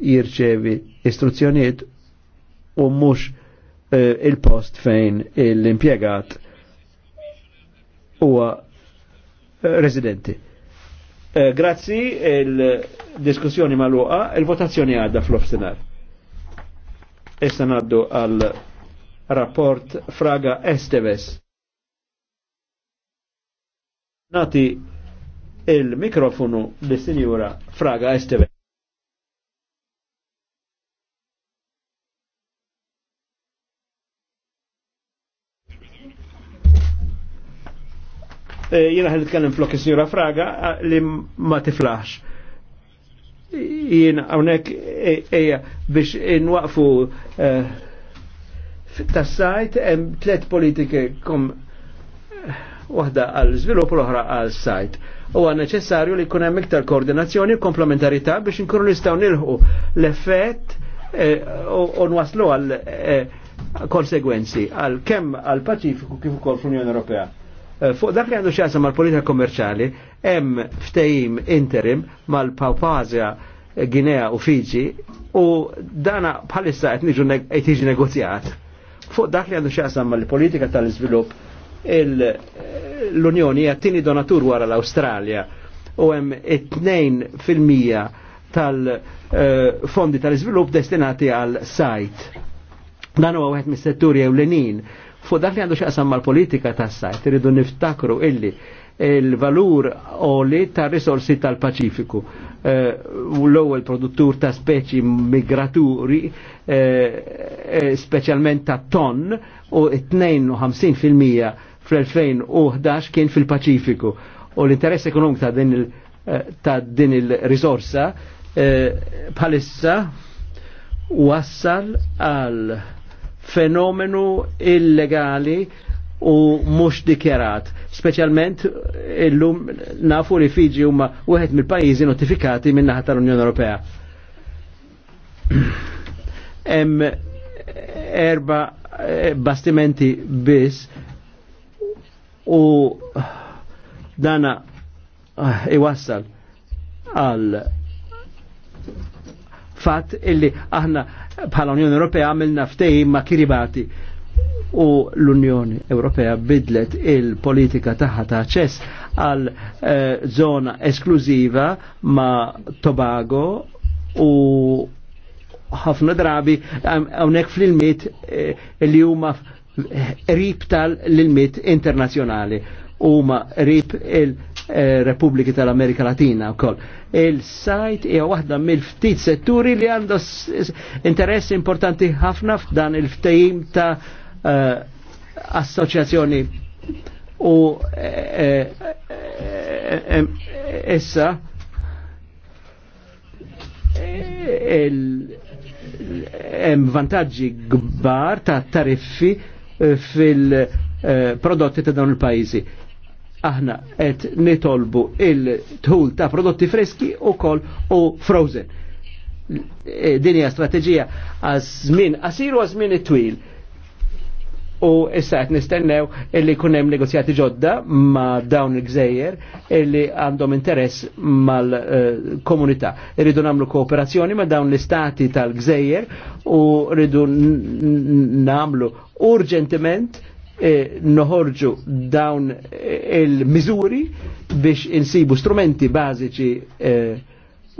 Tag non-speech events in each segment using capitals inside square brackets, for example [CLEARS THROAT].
jirċevi istruzzjoniet u mux uh, eh, il-post fejn l-impiegat huwa eh, residenti. Uh, grazzi il-diskussjoni mal il-votazzjoni għadda fl-ofsenar. Issa naddu għal rapport Fraga Esteves. Nati il-mikrofonu l-sinjura Fraga Esteves. Eh, jina ħan nitkellem flok is-Sinjura Fraga eh, li ma tiflaħx. Jina hawnhekk ejja eh, biex inwaqfu tas-sajt hemm tliet politike kom waħda għal żvilupp u l-oħra għal sajt. Huwa neċessarju li jkun hemm iktar koordinazzjoni u komplementarità biex inkunu nistgħu nilħu l-effett u nwaslu għal konsegwenzi għal kemm għal Paċifiku kif ukoll fl-Unjoni Ewropea. Eh, fuq dak li għandu xansa mal-politika kommerċali, hemm ftejim interim mal papazja Ginea u Fiji u dana bħalissa qed jiġi negozjat. Fuq dak li għandu xansa mal-politika tal-iżvilupp l-Unjoni hija tieni donatur wara l-Awstralja u hemm it-tnejn fil-mija tal-fondi tal-iżvilupp destinati għal sajt. Dan huwa wieħed mis-setturi ewlenin Fu dak li għandu xaqsam mal-politika tassa, sajt niftakru illi il-valur oli ta' risorsi tal pacifiku eh, U l-ewwel produttur ta' speċi migraturi, eh, eh, speċjalment ta' ton, u 52% fl-2011 kien fil pacifiku U l-interess ekonomik ta' din il- ta' din il-risorsa bħalissa wassal għal fenomenu illegali u mhux dikjarat. Specialment illum nafu li Fiji huma wieħed mill-pajjiżi notifikati minn naħa tal-Unjoni Ewropea. [CLEARS THROAT] Hemm erba eh, bastimenti biss u dana eh, iwassal għal fat illi aħna bħala Unjoni Ewropea għamilna ftej ma' Kiribati u l-Unjoni Ewropea bidlet il-politika taħħa ta' ċess għal eh, zona esklużiva ma' Tobago u ħafna drabi eh, hawnhekk fl-ilmiet eh, li huma rib tal-ilmiet internazzjonali huma rib il-Repubbliki tal-Amerika Latina wkoll. Il-sajt hija waħda mill-ftit setturi li għandha interess importanti ħafna f'dan il-ftehim ta' eh, assoċjazzjoni u issa eh, eh, hemm vantaġġi kbar ta' tariffi fil-prodotti ta' dawn il-pajjiżi aħna qed nitolbu il-tħul ta' prodotti freski u kol u frozen. Dinja strategija għazmin qasir u għazmin it-twil. U issa qed nistennew illi kun hemm negozjati ġodda ma' dawn il-gżejjer illi għandhom interess mal-komunità. Irridu nagħmlu kooperazzjoni ma' dawn l-istati tal-gżejjer u rridu nagħmlu urġentiment E, noħorġu dawn il mizuri biex insibu strumenti bażiċi e,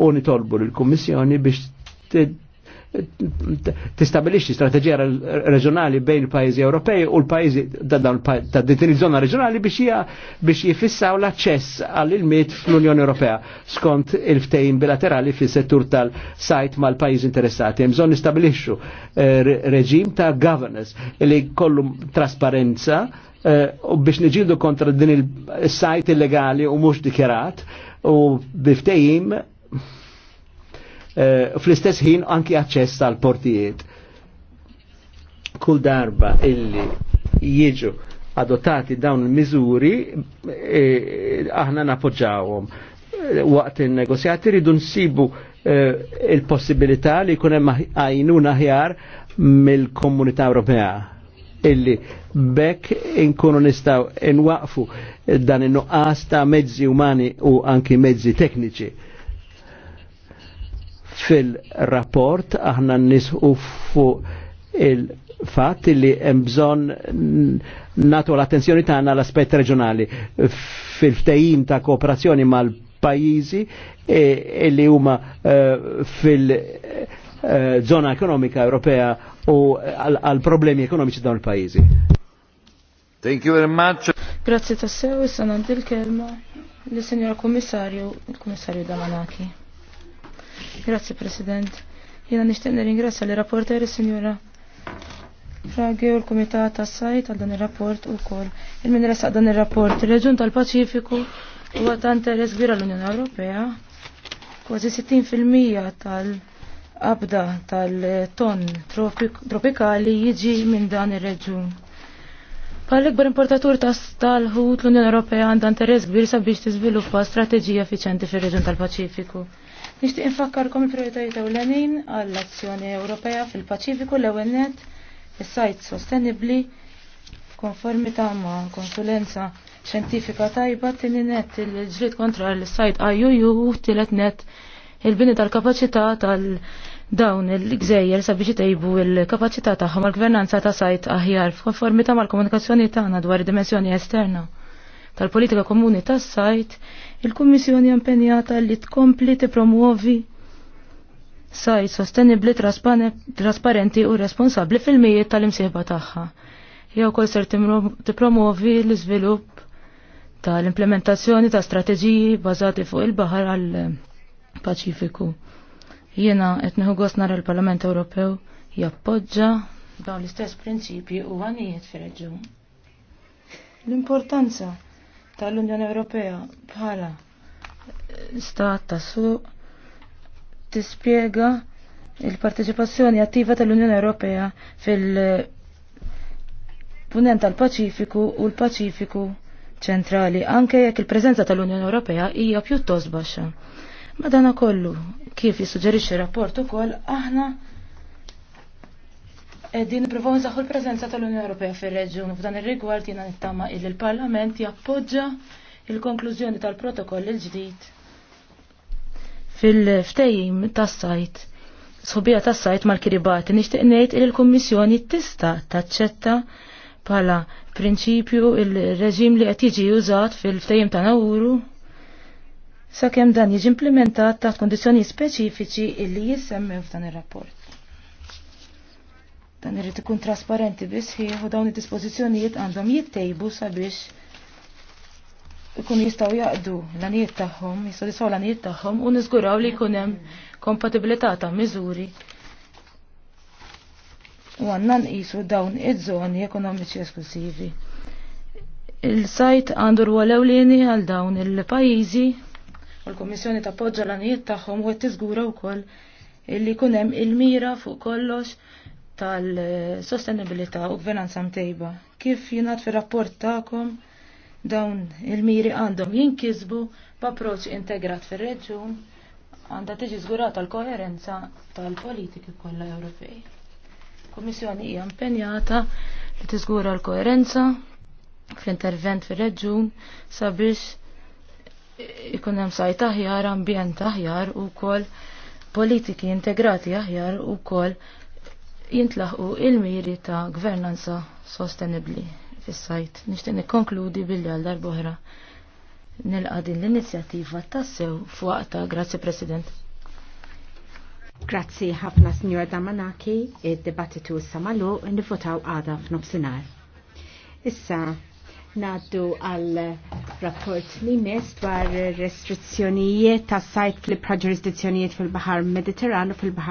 u nitolbu l-Kommissjoni biex tistabilixxi strategija reġjonali bejn il-pajjiżi Ewropej u l-pajjiżi ta' din zona reġjonali biex hija biex jifissaw l-aċċess għall ilmiet fl-Unjoni Ewropea skont il ftejn bilaterali fis-settur tal-sajt mal-pajjiżi interessati. Hemm bżonn nistabilixxu eh, reġim ta' governance li kollu trasparenza eh, u biex niġildu kontra din il-sajt illegali u mhux dikjarat u biftejim Eh, fl-istess ħin anki aċċess tal-portijiet. Kull darba illi jieġu adottati dawn il-miżuri eh, aħna napoġġawhom. Eh, waqt il-negozjati ridu nsibu il-possibilità li jkun hemm għajnuna ħjar mill-Komunità Ewropea illi bekk inkunu nistaw inwaqfu dan in-nuqqas ta' mezzi umani u anki mezzi tekniċi Fil-rapport aħna nisqu fuq il-fat li hemm natu l-attenzjoni tagħna l-aspett reġjonali fil-ftehim ta' kooperazzjoni mal-pajjiżi e, e li huma e, fil- e, zona ekonomika Ewropea u għal problemi ekonomiċi dawn il-pajizi. Thank you very much. Grazie tassew, sanandil kelma l-Senjora Kommissarju, il-Kommissarju Damanaki. Grazzi, President. Jena nishtenna ringrazja li rapporteri signora Frage u l-Komitat tas sajt għal dan ir-rapport u kol. Il-min resa dan ir-rapport il-Reġun tal-Paċifiku u għatan teres gbira l-Unjoni Ewropea. Kważi 60% tal-abda tal-ton tropikali jiġi minn dan ir-reġun. Pal-ikbar importatur ta' tal-ħut l-Unjoni Ewropea għandha teres kbir sabiex tiżviluppa strateġija effiċenti fir reġun tal-Paċifiku. Nixtieq infakkarkom il ta' ewlenin għall-azzjoni Ewropea fil-Paċifiku l-ewwel net is-sajt sostenibbli konformità ma' konsulenza xjentifika tajba tieni net il-ġrid kontra l-sajt IUU tielet net il-bini tal-kapaċità tal-dawn il-gżejjer sabiex itejbu il-kapaċità tagħhom għall-gvernanza ta' sajt aħjar f'konformità mal-komunikazzjoni tagħna dwar id-dimensjoni esterna tal-politika komuni tas-sajt, il-Kummissjoni impenjata li tkompli tipromuovi sajt sostenibli trasparenti u responsabli fil-mijiet tal-imsieħba tagħha. Jew kol ser tipromuovi l-iżvilupp tal-implementazzjoni ta' strateġiji bażati fuq il-baħar għal Paċifiku. Jiena qed neħu gost nara l-Parlament Ewropew jappoġġa dawn l-istess prinċipji u għanijiet fir L-importanza tal-Unjoni Ewropea bħala stat ta' suq tispjega il-parteċipazzjoni attiva tal-Unjoni Ewropea fil-punent tal-Paċifiku u l-Paċifiku ċentrali, anke jekk il-preżenza tal-Unjoni Ewropea hija pjuttost baxxa. Madana kollu, kif jissuġġerixxi rapport ukoll aħna Din provaw nsaħħu l-preżenza tal-Unjoni Ewropea fir-reġjun u f'dan ir-rigward jiena nittama il l-Parlament jappoġġa il-konklużjoni tal-protokoll il-ġdid fil-ftejim tas-sajt sħobija tas-sajt mal-Kiribati nixtieq ngħid li l-Kummissjoni tista' taċċetta bħala prinċipju il-reġim li qed jiġi użat fil-ftejim ta' Nawuru sakemm dan jiġi implementat taħt kondizzjoni speċifiċi li jissemmew f'dan ir-rapport. Dan irrid ikun trasparenti biss u dawn id-dispożizzjonijiet għandhom jittejbu sabiex ikun jistgħu jaqdu l-anijiet tagħhom, jistgħu l għanijiet tagħhom u niżguraw li jkun hemm kompatibilità ta' miżuri u għanna nqisu dawn iż-żoni ekonomiċi esklusivi. Il-sajt għandu rwol ewlieni għal dawn il-pajjiżi u l-Kommissjoni tappoġġa l-għanijiet tagħhom u qed tiżgura wkoll illi jkun hemm il-mira fuq kollox tal-sostenibilità u gvernanza mtejba. Kif jingħad fir rapport tagħkom dawn il-miri għandhom jinkisbu b'approċċ integrat fir reġun għandha tiġi żgurata l-koerenza tal-politiki kollha Ewropej. Kummissjoni hija impenjata li tiżgura l-koerenza fl-intervent fir reġun sabiex ikun hemm sajt aħjar, ambjent aħjar u kol politiki integrati aħjar u kol jintlaħqu il-miri ta' gvernanza sostenibli fis-sajt. Nixtieq nikkonkludi billi għal darb'oħra nilqa' din l-inizjattiva tassew f'waqta. Grazie, President. Grazzi ħafna Signor Damanaki, id s samalu nifutaw għada f'nofsinhar. Issa naddu għal rapport li mis dwar restrizzjonijiet ta' sajt fil-praġurisdizzjonijiet fil-Bahar Mediterranu fil-Bahar